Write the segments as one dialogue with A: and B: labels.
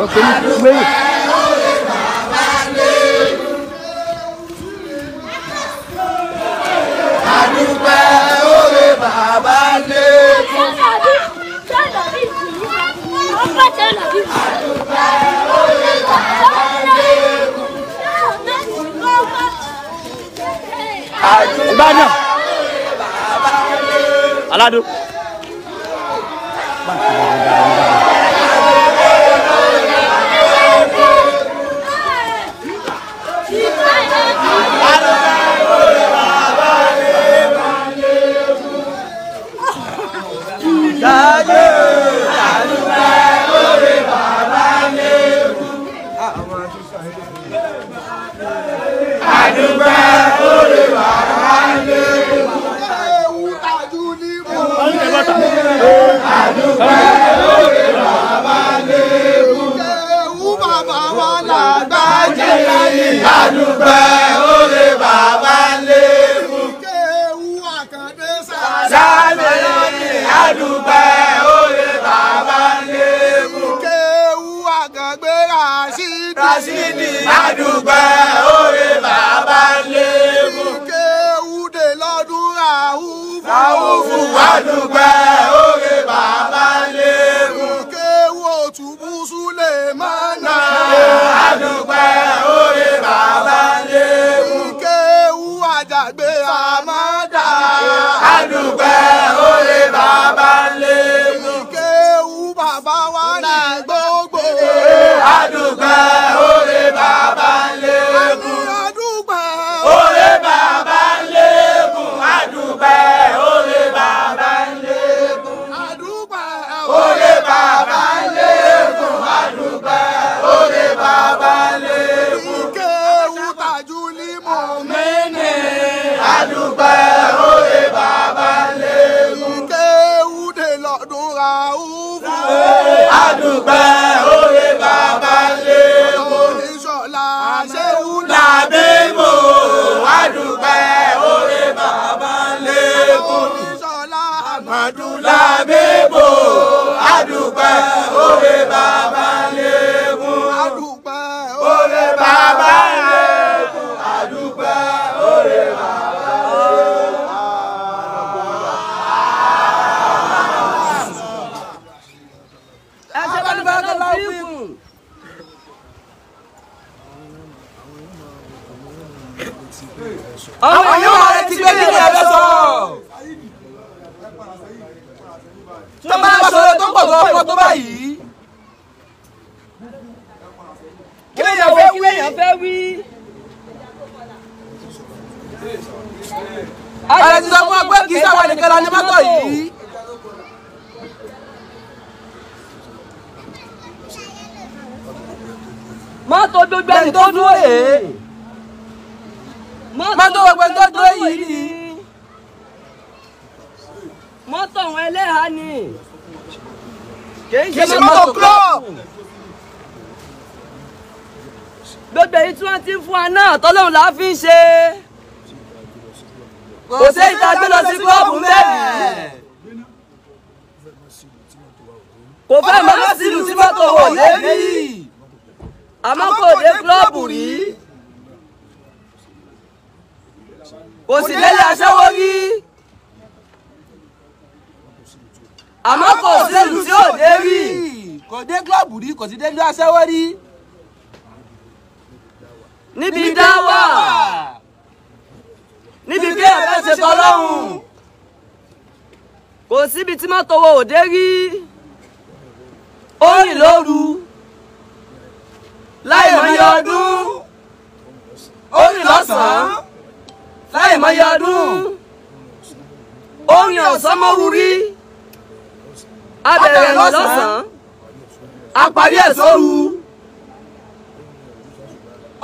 A: lẹ́yìn. àdúpẹ́ òye bàbá lẹ́kùn. àdúpẹ́ òye bàbá lẹ́kùn. àdúpẹ́ òye bàbá lẹ́kùn. aládùn. adúpẹ́ oore bàbá lẹ́kù. kéwu àkàndé sáré lónìí adúpẹ́ oore bàbá lẹ́kù. kéwu àkàngbé rasidi. rasidi adúpẹ́ oore bàbá. ràúfù àdùgbẹ́ òye bàbá lẹ́gùn. kéwò tùbú súlẹ̀ máa. dúpẹ́ oyè bàbá lé wo. oníṣọ́lá ṣéwú làbí mo wá dúpẹ́ oyè bàbá lé wo. oníṣọ́lá àmàdù làbí mo wá dúpẹ́ oyè bàbá. àwọn èèyàn rẹ ti gbé kíni ẹgbẹ́ sọ. tó bá sọ̀rọ̀ tó pọ̀ gan ọkọ̀ tó báyìí. kí lè yàn fẹ́ wí. ààrẹ ti sọ fún ọ pé kì í sáwọn nìkan la ní mọ́tò yìí. mọ́tò gbogbo ẹni tó dúró yìí mọ́tò gbogbo tó tó yìí rí mọ́tò àwọn ẹlẹ́hàá ni kì í ṣe mọ́tò kúrọ́ọ̀bù gbogbo èyí tí wọ́n ti fún wa náà tọ́lọ́run là á fi ń ṣe kò sí ìta gbé lọ sí kúrọ́ọ̀bù mẹ́rin
B: kò fẹ́ mọ́tò sílùú tí mọ́tò wò lé
A: àmọ́ kò dé kúrọ́ọ̀bù rí.
B: kò sì délé aṣẹ́wó
A: rí àmọ́ kò sílù tí ò dé rí kò dé kílọ̀bù rí kò sì délé aṣẹ́wó rí níbi dáwà níbi kí ẹ̀fẹ́ ṣe tọ́lọ́hún kò síbi tí mọ́tò wo ò rí ó rìn lóru. sọ́mọ́rú rí abẹ̀rẹ̀ lọ́sàn-án àparí ẹ̀ sóru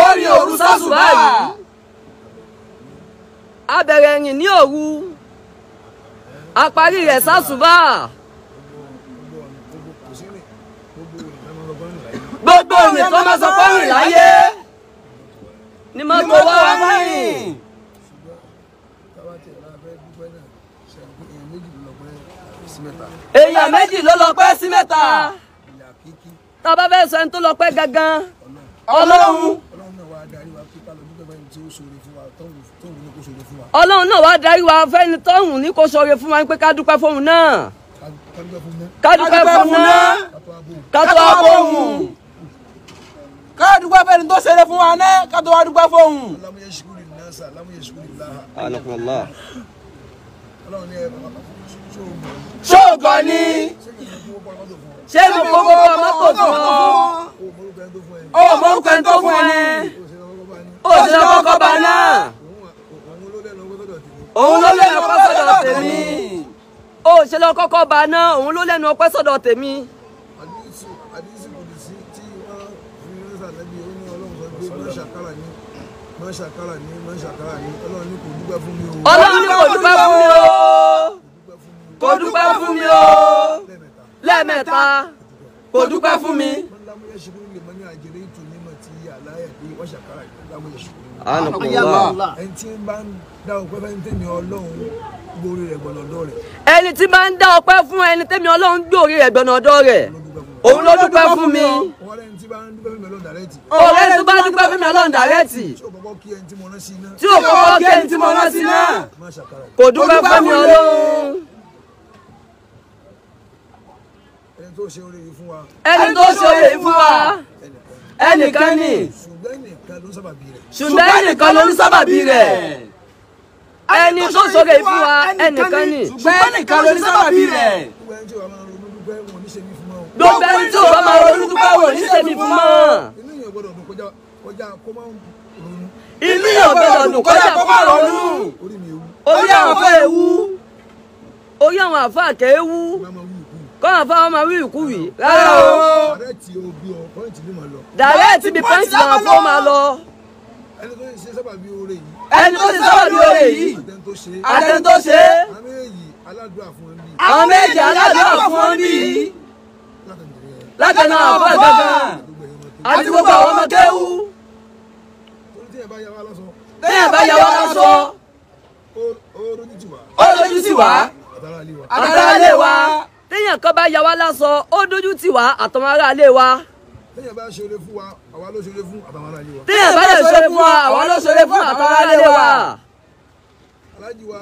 A: ó ní òru sásùbà yìí abẹ̀rẹ̀ ẹ̀yìn ní òru àparí rẹ̀ sásùbà. gbogbo òyìn tó máa sọ pé láyé ni mo gbowó wá rìn. sí mẹ́ta. èèyàn méjì ló lọ pẹ́ sí mẹ́ta. Ah. tá a bá fẹ́ sọ ẹni tó lọ pẹ́ gangan ọlọ́run. ọlọ́run náà wá darí wa fẹ́ni tọ́hún ní kò sọ̀rọ̀ fún wa pé ká dúpẹ́ fóun náà. ká dúpẹ́ fóun náà. ká tó wá bóun. ká dúpẹ́ fẹ́ni tó ṣeré fún wa náà ká tó wá dúpẹ́ fóun. alámúyẹ sukùrù nìyẹn sá alámúyẹ sukùrù nìyẹn. ọlọ́run ni ẹ bàbá kan fún ṣóògàn ni ṣé mo kó gbogbo mọ́tò fún ọ ó mọ nǹkan tó fún ẹ ó sì lọ kọ́kọ́ bá náà òun ló lẹ́nu ọpẹ́ sọ̀dọ̀ tèmi ó ṣe lọ kọ́kọ́ bá náà òun ló lẹ́nu ọpẹ́ sọ̀dọ̀ tèmi. Ọlọ́run ní kò dúpẹ́ fún mi o kò dúpẹ́ fún mi o lẹ́ẹ̀mẹ́ta kò dúpẹ́ fún mi. ẹni tí máa ń dá ọpẹ́ fún ẹni tẹ́mi ọlọ́run gbòòrí rẹ̀ gbọ̀nàdọ́ rẹ̀ òun ló dúpẹ́ fún mi. ọ̀rẹ́ ẹni tí bá dúpẹ́ fún mi ọlọ́run dàrẹ́tì. ọ̀rẹ́ ẹni tí bá dúpẹ́ fún mi ọlọ́run dàrẹ́tì.
B: tí ò kọ́kọ́ kí ẹni tí mo rán sí iná.
A: kò dúpẹ́ fún mi ọlọ́run. ẹni tó ṣe oríire fún wa. ẹni tó ṣe oríire fún wa. ẹnìkan ni. ṣùgbọ́n ẹnìkan ló ń sábàbí rẹ̀. ṣùgbọ́n ẹnìkan ló ń sábàbí rẹ̀. ẹni tó ṣe oríire fún wa ẹnìkan ni. ṣùgbọ́n ẹnìkan ló ń sábàbí rẹ̀. gbogbo ẹni tí òun bá máa ronú dúpẹ́ wò ní sẹ́mi fún mọ́. inú yẹn gbọ́dọ̀ dùn kọjá kó máa ronú. orí àwọn àfáà ewu. orí àwọn àfáà kẹ́ ewu kọ́nà fáwọn ọmọ wíwì kú wì rárá o. dàrẹ́tì obi o pọ́ǹtì ni mo lọ. dàrẹ́tì bí pọ́ǹtì náà fọ́ máa lọ. ẹni tó ṣe sábà bí oore yìí. ẹni tó ṣe sábà bí oore yìí. àtẹni tó ṣe. àwọn méjì aládùúrà fún wọn bí. àwọn méjì aládùúrà fún wọn bí. látẹnu àwọn àbúrò gbàgbà àti gbogbo àwọn ọmọ kéwú. téèyàn bá yà wá lọ́sọ. téèyàn bá yà wá lọ́sọ. ó lójú sí wa. ó wa téèyàn kan bá yà lásọ ó dójú tì wá àtọmọ aráalé wa. téèyàn bá ṣeré fún wa àwa ló ṣeré fún àtọmọ aráalé wa. téèyàn bá ṣeré fún wa àwa ló ṣeré fún àtọmọ aráalé wa. aláàjì wa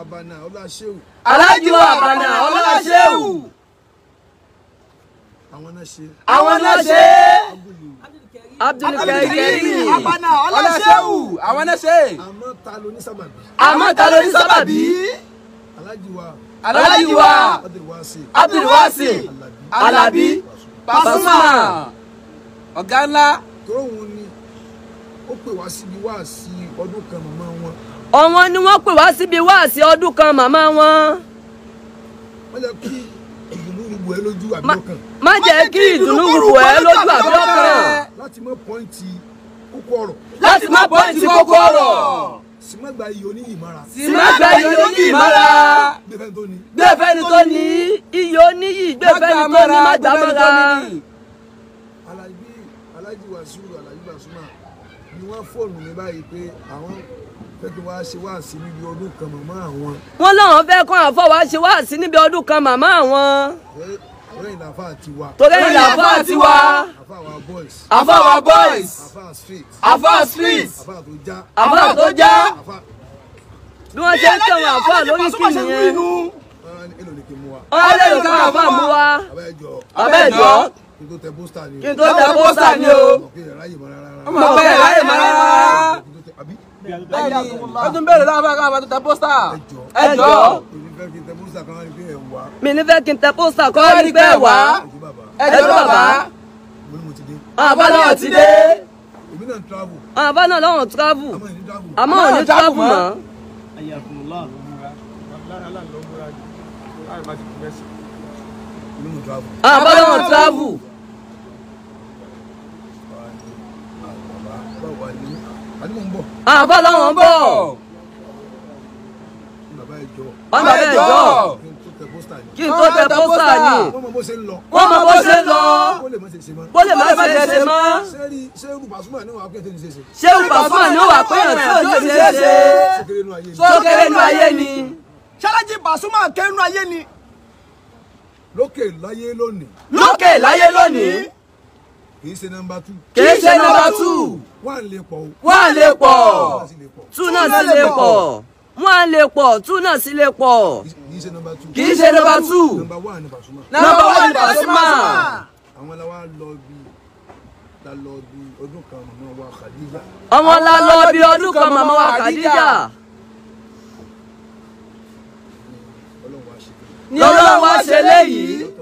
A: abana ọláṣẹ́wù. aláàjì wa abana ọláṣẹ́wù. àwọn náà ṣe. àwọn náà ṣe. abdulkarim abana ọláṣẹ́wù àwọn náà àmọ́ ta ló ní sábàbí. àmọ́ ta ló ní sábàbí alájiwa alájiwa abdulwasi
B: alabi
A: pasuma ọ̀gá ńlá. tóun ni ó pè wá síbi wáàsí ọdún kan màmá wọn. ọ̀wọ́n ni wọ́n pè wá síbi wáàsí ọdún kan màmá wọn. wọ́n jẹ́ kí ìdùnnú rúbu ẹ lójú àbíọ́kàn. má jẹ́ kí ìdùnnú rúbu ẹ lójú àbíọ́kàn. láti mọ pọ́ǹtì kókó ọ̀rọ̀. láti mọ pọ́ǹtì kókó ọ̀rọ̀ sìmọ́gbà iyì oníyì mọ́ra. sìmọ́gbà iyì oníyì mọ́ra. gbẹfẹ́ni tó ní.
B: gbẹfẹ́ni tó ní
A: iyì oníyì gbẹfẹ́ni tó ní má gbà mọ́ra. alájí alájí wàsíù alájí wàsíùmá ni wọ́n fóònù mi báyìí pé àwọn fẹ́ kí wọ́n á ṣe wáàsí níbi ọdún kan màmá àwọn. wọ́n láwọn fẹ́ kọ́ àfọwọ́ ṣe wáàsí níbi ọdún kan màmá àwọn torí ìlàfà tiwa. torí ìlàfà tiwa. àfàwà boys. àfàwà boys. àfà street. àfà street. àfà tó já. àfà tó já. bí wọ́n ṣe ń tẹ̀wọ̀n àfà lórí kí nìyẹn. ọlọ́run kí wọ́n àfà mú wa. abẹ́jọ́. kí n tó tẹ pósítà ni o. kí n tó tẹ pósítà ni o. ọmọ bẹ́ẹ̀ ráyè mọ́ rárá bẹ́ẹ̀ni tún bẹ̀rẹ̀ lọ́wọ́ bá káwọn tẹ ẹ jọ̀ọ́. mi ní fẹ́ kí n tẹ kọ́ ẹ rí wá ẹ jọ̀ọ́ bàbá. àbá náà ti dé. àbá náà lọ́wọ́n tíráàbù àmọ́ ò ní tíráàbù mọ́. àbá náà tíráàbù. àbá làwọn ń bọ̀.
B: bàbá ẹjọ́. bàbá ẹjọ́.
A: kí n tó tẹ pósítà ni. wọ́n mọ bó ṣe ń lọ. wọ́n mọ bó ṣe ń lọ. ó lè má ṣe ṣe mọ́. ó lè má ṣe ṣe mọ́. ṣé irú Pasuma ni wàá pé ètò ìṣe ṣe. ṣé irú Pasuma ni wàá pé ètò ìṣe ṣe. sókèrè nu ayé ni. Ṣàlájì Pasuma kẹ́nu ayé ni. lókè láyé lónìí. lókè láyé lónìí kìí ṣe nọmba two. kìí ṣe nọmba two. one lè pọ̀ o. one lè pọ̀. two náà sì lè pọ̀. one lè pọ̀ two náà sì lè pọ̀. kìí ṣe nọmba two. kìí ṣe nọmba two. nọmba one ni
B: Pasuma. nọmba one ni Pasuma.
A: àwọn la wá lọ bí la lọ bí ọdún kan màmá wa Khadija. ọmọ la lọ bí ọdún kan màmá wa Khadija. ni Ọlọ́run ṣe léyìí.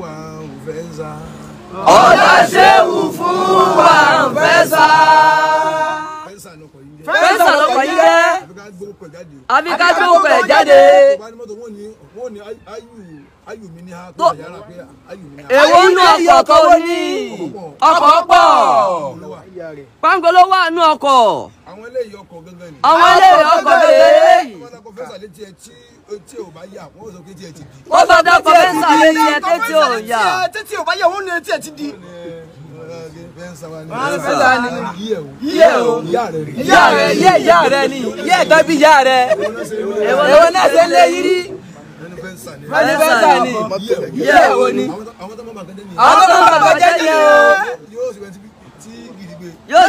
A: wa ń fẹ́ sá. ọ̀la ṣéwù fún wa ń fẹ́sà lọkọ̀ yín jẹ́. fẹ́sà lọkọ̀ jáde. àfi ká jáde tó èwo inú ọkọ̀ tó ní ọkọ̀ pọ̀ pangolo wà nú ọkọ̀ àwọn eléyìí ọkọ̀ gangan ni àwọn eléyìí ọkọ̀ gangan ni wọ́n sọ kọ́fẹ́sà létí ẹ tí ò bá yà wọ́n sọ kétí ẹ ti di. wọ́n sọ kọ́fẹ́sà létí ẹ rẹ ni ìyá ẹ̀ka bí ìyá rẹ ẹ̀wọ̀n náà ṣe lé yírí anniversary ni yẹ wo ni àwọn tó máa bàjẹ́ ni àwọn tó ni o yóò sì bẹ tí
B: gidi gbé yẹ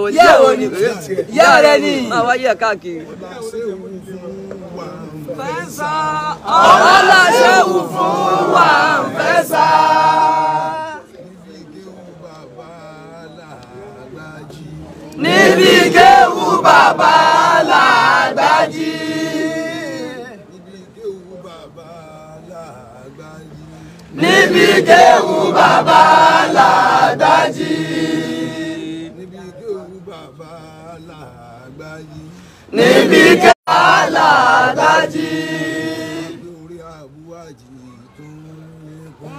A: wo ni yẹ wo ni yẹ rẹ ni máa wá yẹ káàkiri. fẹ́ńsà ọ̀rọ̀ làṣẹ. ìjẹ́wù bàbá làgbájí. níbi ìjẹ́wù bàbá làgbájí. níbi kẹwà làgbájí. lórí àbúwájì tún lékún.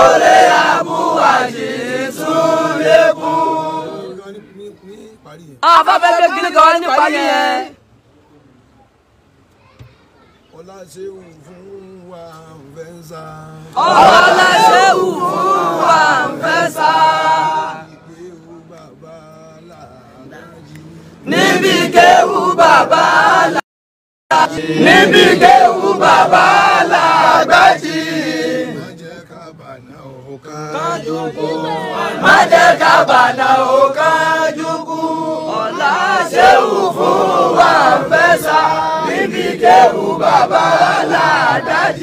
A: orí àbúwájì tún lékún.
B: afẹ́fẹ́ gbé kíní kan wá ní parí yẹn.
A: ọlá ṣe fún wa fẹ́ ń sá
B: ọlọ́láṣẹ́wù fún wa ń fẹ́ sá.
A: níbi kéwù bàbá làgbájì. níbi kéwù
B: bàbá làgbájì.
A: má jẹ́ ká bàná o kájúkú. ọ̀làṣẹ́wù fún wa ń fẹ́ sá. níbi kéwù bàbá làgbájì.